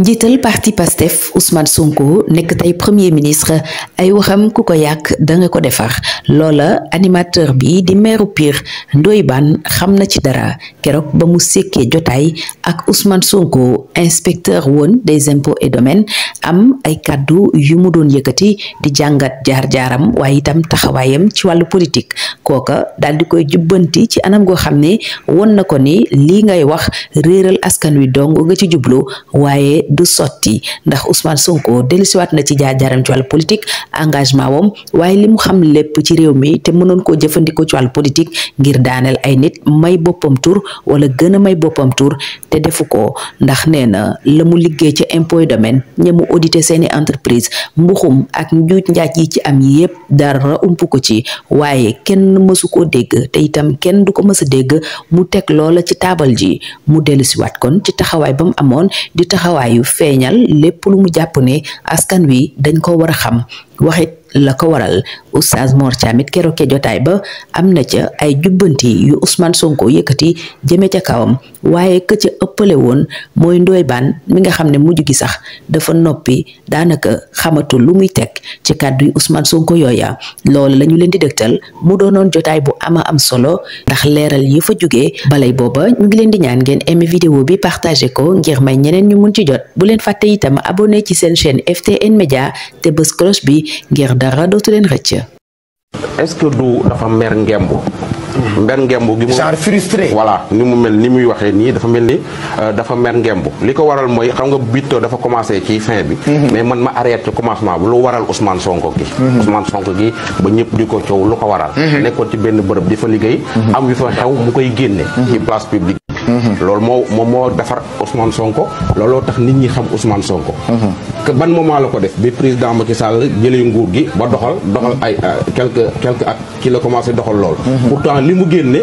Jitel parti pastef Ousmane Sonko nek tay premier ministre ay waxam kuko yak da danga ko defar lola animateur bi di maire Pire ndoy ban xamna ci dara kérok ba mu sékké jotay ak Ousmane Sonko inspecteur won des impôts et domaines am ay cadeau yu mu doon yëkëti di jangat jaar-jaaram waye tam taxawayam ci walu politique koka dal di koy jubanti ci anam go xamné won nako ni li ngay wax réeral askan wi dong nga ci jublu waye waaye du sotti ndax Ousmane Sonko dellusiwaat na ci jaajaram ci wàllu politique engagement wam waaye li mu xam lépp ci réew mi te mënoon koo jëfandikoo ci wàllu politique ngir daaneel ay nit may boppam tur wala gën a may boppam tur te defu ko ndax nee na la mu liggéey ci impôt domaine ña mu audité seeni entreprise mbuxum ak njuuj njaaj yi ci am yépp dara ump ko ci waaye kenn mësu koo dégg te itam kenn du ko mës a dégg mu teg loola ci taabal ji mu dellusiwaat kon ci taxawaay taxawaayu feeñal lépp lu mu jàpp ne askan wi dañ ko war a xam la ko waral oustaz Mor Thiam it keroog ca jotaay ba am na ca ay jubbanti yu usman Sonko yëkkati jëme ca kawam waaye ka ca ëppale woon mooy Ndoye Bane mi nga xam ne mujj gi sax dafa noppi daanaka xamatu lu muy teg ci kàddu yi Ousmane Sonko yooya loolu lañu leen di dëgtal mu doonoon jotaay bu ama am solo ndax leeral yi fa jógee balay booba ñu ngi leen di ñaan ngeen aimé vidéo bi partagé ko ngir may ñeneen ñu mun ci jot bu leen fàtte itam abonné ci seen chaîne FTN Média te bës cloche bi ngir dara dootu leen rëcc est-ce que du dafa mer ngembu mer ngembu gi mo genre frustré voilà ni mu mel ni muy waxee ni dafa euh, melni dafa mer ngembu liko waral moy xam nga bitto dafa commencer ci fin bi mhm. mais man ma arrêté commencement bi lu waral Ousmane Sonko gi mhm. Ousmane Sonko gi ba ñepp diko ciow lu ko waral mhm. nekkon ci benn bërëb di fa liggéey am yu fa xew mu koy génne ci place publique Mm-hmm. loolu mo mo mo defar Ousmane Sonko looloo tax nit ñi xam Ousmane Sonko ke mm-hmm. ban moment la ko def bi président Macky Sall jël yu nguur gi ba doxal doxal ay quelques euh, quelques at ki la commencé doxal lool mm-hmm. pourtant limu génné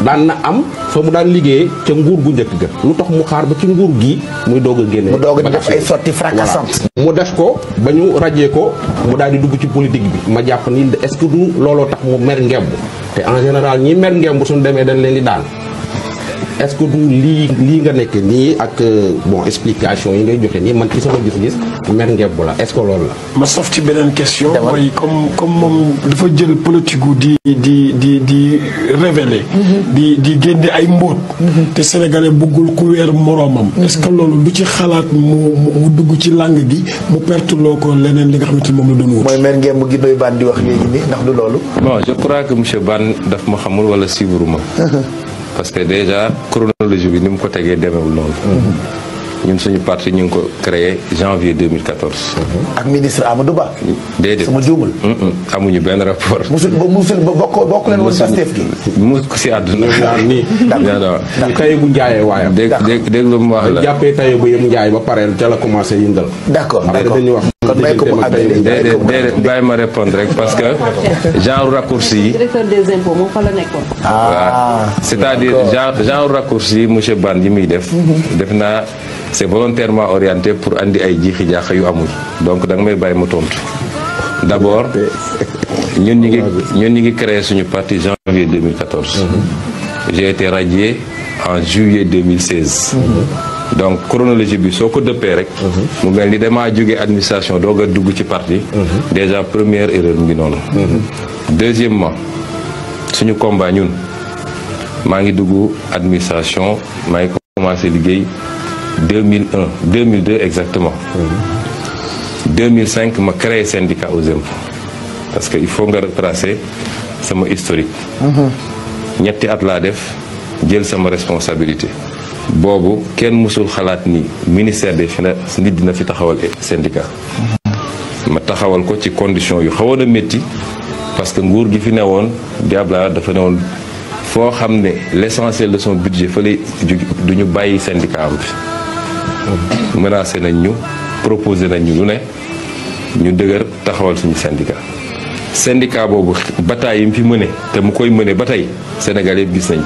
dan na am fa mu dan liggéey ci nguur gu njëkk ga lu tax mu xaar ba ci nguur gi muy doog génné mu doog def ay sorti fracassante mu def ko bañu ñu ko mu daal di dugg ci politique bi ma japp ni est-ce que du looloo tax mu mer ngemb té en général ñi mer ngemb suñu démé dañ leen di daan est-ce que du lii lii nga nekk nii ak euh, bon explication yi ngay joxe nii man ci sama gis-gis mer ngebu la est-ce la. ma sof ci beneen question. mooy comme comme moom dafa jël politique gu di di di di révéler. Mhm. di di génne ay mbóot. Mhm. te sénégalais bëggul ku weer moroomam. Mhm. est-ce que loolu du ci xalaat mu mu dugg ci langue gi mu pertuloo ko leneen li nga xamante ni moom la doon mooy mer ngebu gi bay Bane di wax léegi nii ndax du loolu. bon je crois que monsieur daf ma xamul wala siiwuru ma. Uh-huh. parce que déjà chronologie bi ni mu ko tegee demewul noonu. ñun suñu parti ñu ngi ko créé janvier 2014. ak ministre Amadou Ba. déedéet sama juumul. amuñu benn rapport. musul ba musul ba bokk bokk leen woon Pastef gi. musul ko si àdduna. nii d'accord tey bu njaayee waayam. dégg dégg lu mu wax la. jàppee tey bu yem njaay ba pare ca la commencé yëngal. d'accord d'accord wax. Je vais ma répondre parce que genre raccourci ah, ah. c'est-à-dire genre genre raccourci M. monsieur Bane yi def. Mhm. c'est volontairement orienté pour andi ay jiixi jaaxa yu donc da nga may bàyyi ma tontu d'abord ñun n'y ngi ñun créé suñu parti janvier 2014. Mhm. j'ai été radié en juillet 2016. donc chronologie bi soo ko dëppee rek. Mhm. mu mel ni damaa jóge administration doog a dugg ci parti. Mhm. déjà première erreur mu ngi noonu. Mhm. deuxièmement suñu combat ñun maa ngi dugg administration maa ngi commencé liggéey 2001 2002 exactement. 2005 ma créé syndicat aux impôts parce que il faut nga retracer sama historique. ñetti at laa def jël sama responsabilité. boobu kenn mësul xalaat ni ministère des finances nit dina fi taxawal syndicat ma taxawal ko ci condition yu xawoon a métti parce que nguur gi fi ne woon di Abdoulaye dafa newoon foo xam ne l'essentiel de son budget fa lay du ñu bàyyi syndicat am fi menacé nañ ñu proposé nañ ñu lu ne ñu dëgër taxawal suñu syndicat syndicat boobu bataay yi mu fi mëne te mu koy mëne ba tey Sénégal yëpp gis nañ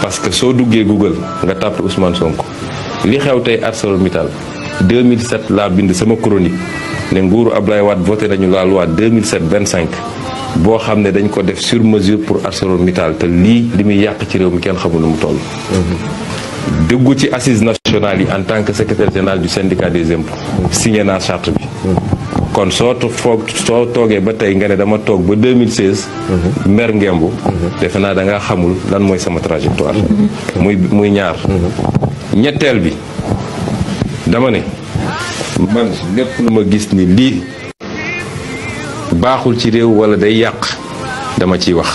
parce que soo duggee Google nga tàpp Ousmane Sonko li xew tey ArcelorMittal 2007 laa bind sama cronique ne nguuru Abdoulaye Wade voté nañu la loi 2007 25 boo xam ne dañ ko def sur mesure pour ArcelorMittal te lii li muy yàq ci réew mi kenn xamul nu mu toll. dëggu ci assise nationale yi en tant que secrétaire général du syndicat des impôts signé naa bi. kon soo foog soo toogee ba tey nga ne dama toog ba 2016. Mhm. mer ngemb. Mhm. defe naa da ngaa xamul lan mooy sama trajectoire. Mhm. muy muy ñaar. ñetteel bi dama ne man lépp lu ma gis ni lii baaxul ci réew walla day yàq dama ciy wax.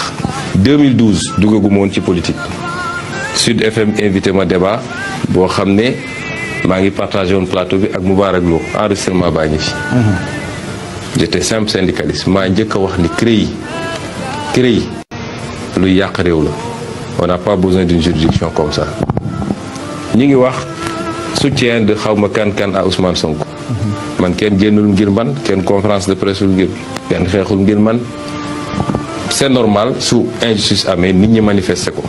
2012 duggaguma woon ci politique Sud FM invité ma débat boo xam ne maa ngi partagé woon plateau bi ak Moubarak Lo enregistrement baa ngi fi. j'étais simple syndicaliste maa njëkk a wax ni CREI CREI luy yàq réew la on n'a pas besoin d'une juridiction comme ça ñi ngi wax su tien de xawma kan kan à Ousmane Sonko man kenn génnul ngir man kenn conférence de presse ngir kenn xeexul ngir man c'est normal su injustice amee nit ñi manifester ko.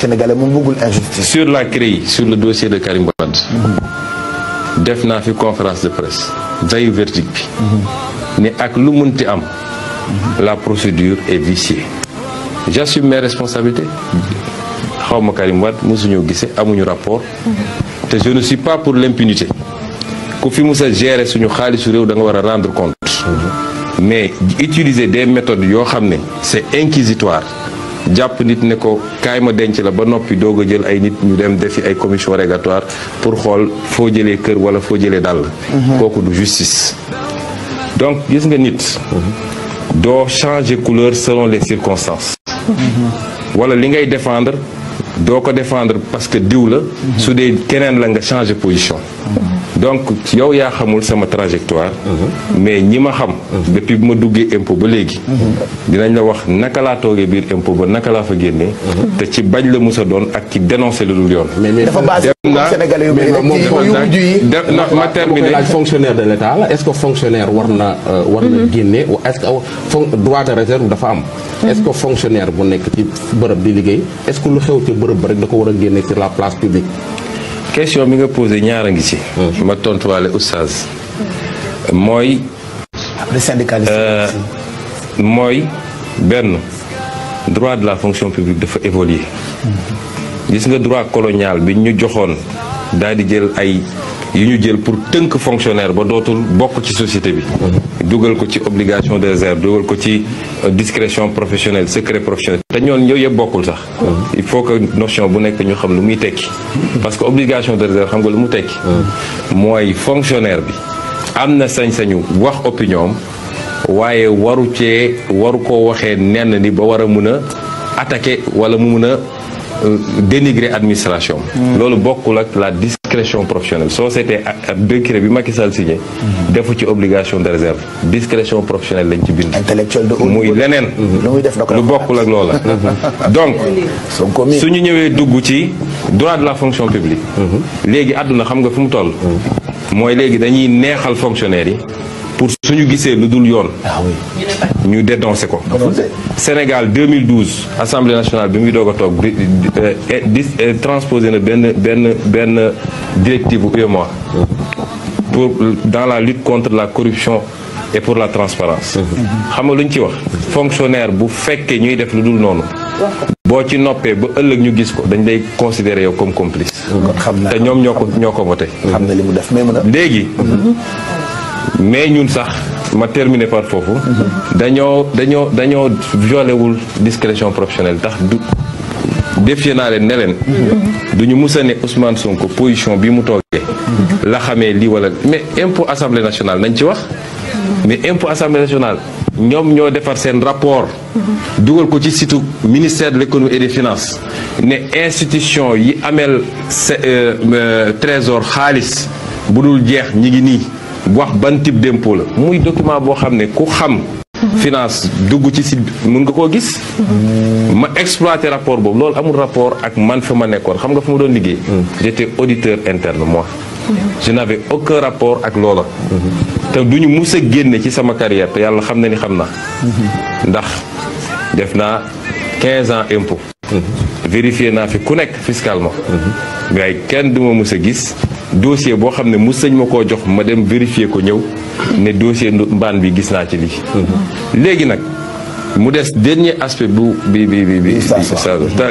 Sénégalais moom bëggul injustice. sur la CREI sur le dossier de Karim Wade. def naa fi conférence de presse veille verdict bi ne ak lu mënti am la procédure est viciée j'assume mes responsabilités xaw ma Karim Wade mosuñoo gisee amuñu rapport te je ne suis pas pour l'impunité ku fi mus a gérer suñu xaalisu réew da nga rendre compte mais utiliser des méthodes yoo xam c'est inquisitoire jàpp nit ne ko kaay denc la ba nopi doga jël ay nit ñu dem defi ay commission rogatoire pour xol fo jëlé kër wala fo jëlé dal mhm. kooku du justice donc gis nga nit do changer couleur selon les circonstances mhm. wala li ngay défendre Do ko défendre parce que diw la mhm. su des keneen la nga changer position donc yow ya xamul sama trajectoire mais ñi ma xam depuis mon ma duggee impôt ba légui dinañ la wax naka la toogee biir impôt ba naka laa fa génnee te ci bañ la musa doon ak ci dénoncer lu dul yoon ma fonctionnaire de l'état est-ce que fonctionnaire war na euh, war na est-ce que doit de réserve dafa am est-ce que fonctionnaire bu qui ci di est-ce que lu xew ci bërëb rek da ko sur la place publique question bi nga posé a ngi ci. Hmm. ma tontuwaale oustaz. mooy. après euh, mooy benn droit de la fonction publique dafa évoluer. Hmm. gis nga droit colonial bi ñu joxoon daal di jël ay. yi ñu jël pour teunk fonctionnaire ba dootul bokk ci société bi dugal ko ci obligation de réserve dugal ko ci euh, discrétion professionnelle secret professionnel te ñoon ñoo yëpp bokkul sax il faut que notion bu nekk ñu xam lu muy tekki parce que obligation de réserve xam nga lu mu tekki mooy fonctionnaire bi am na sañ-sañu wax opinion waaye waru cee waru koo waxee nenn ni ba war a mun a attaquer wala mu mun a euh, dénigrer l'administration, mm. loolu bokkul ak la discrétion professionnelle soo c'était ak décret bi Macky Sall signé mm. defu ci obligation de réserve discrétion professionnelle intellectuelle de bind muy leneen mm-hmm. lu bokkul ak mm-hmm. donc su ñu ñëwee dugg droit de la fonction publique mm-hmm. léegi àdduna xam nga fu mu toll les léegi dañuy neexal fonctionnaire yi pour suñu gisee lu dul yoon. Ah ñu dénoncé ko. Sénégal 2012 assemblée nationale bi muy doog a toog di eh, transposé na benn benn benn directive UEMOA pour dans la lutte contre la corruption et pour la transparence mm-hmm. xam nga lu ci wax fonctionnaire bu fekkee ñuy def lu dul noonu. boo ci noppee ba ëllëg ñu gis ko dañ lay considérer yow comme complice. te ñoom ñoo ko ñoo voté. xam na li même def mais ñun sax ma terminer par fofu dañoo dañoo dañoo violé wul discrétion professionnelle tax du défier naa leen ne leen. du ñu mus a ne Ousmane Sonko position bi mu toogee. la xamee lii wala mais impôt assemblée nationale nañ ci wax. mais impôt assemblée nationale ñoom ñoo defar seen rapport. dugal ko ci situ ministère de l'économie et des finances ne institution yi Amel, euh, euh, trésor xaalis bu dul jeex ñi ngi nii. wax ban type d'impôt la muy document boo xam ne ku xam finance dugg ci si mën nga koo gis ma exploité rapport boobu loolu amul rapport ak man fi ma nekkoon xam nga fu ma doon liggéey j'étais auditeur interne moi je n'avais aucun rapport ak loola te du ñu mus a génne ci sama carrière te yàlla xam ne ni xam na ndax def naa quinze ans impôt vérifier n'a fi ku nekk fiscalement. mais kenn du ma a gis dossier boo xam ne mu ma koo jox ma dem vérifier ko ñëw ne dossier mbaan bi gis naa ci lii. léegi nag mu dernier aspect bu bi bi bi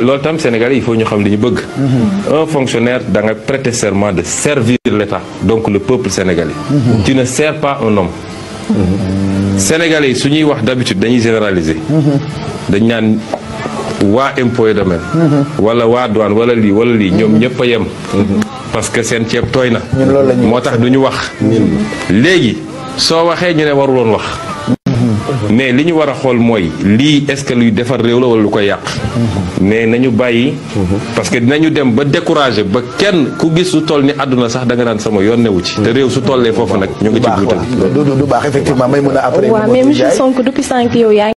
loolu tam Sénégalais il faut ñu xam li ñu bëgg. Mhm. un fonctionnaire da nga prêter serment de servir l'État donc le peuple sénégalais. Mhm. tu ne sers pas un homme. Mhm. Sénégalais yi su ñuy wax d'habitude dañuy généraliser. dañ naan. waa impôt et domaine mhm. wala waa douane wala lii wala lii ñoom mhm. ñëpp a yem mhm. parce que seen ceeb tooy na moo tax duñu wax léegi soo waxee ñu ne waruloon wax mais li ñu war a xool mooy lii est-ce defar réew la wala lu ko yàq mais nañu bàyyi parce que dinañu dem ba découragé ba kenn ku gis su toll ni àdduna sax da nga naan sama yoon newu ci te réew su tollee foofu nag ñoo ngi ci buutal du baax effectivement may mën a après waaw mais monsieur Sonko depuis sànq yow yaa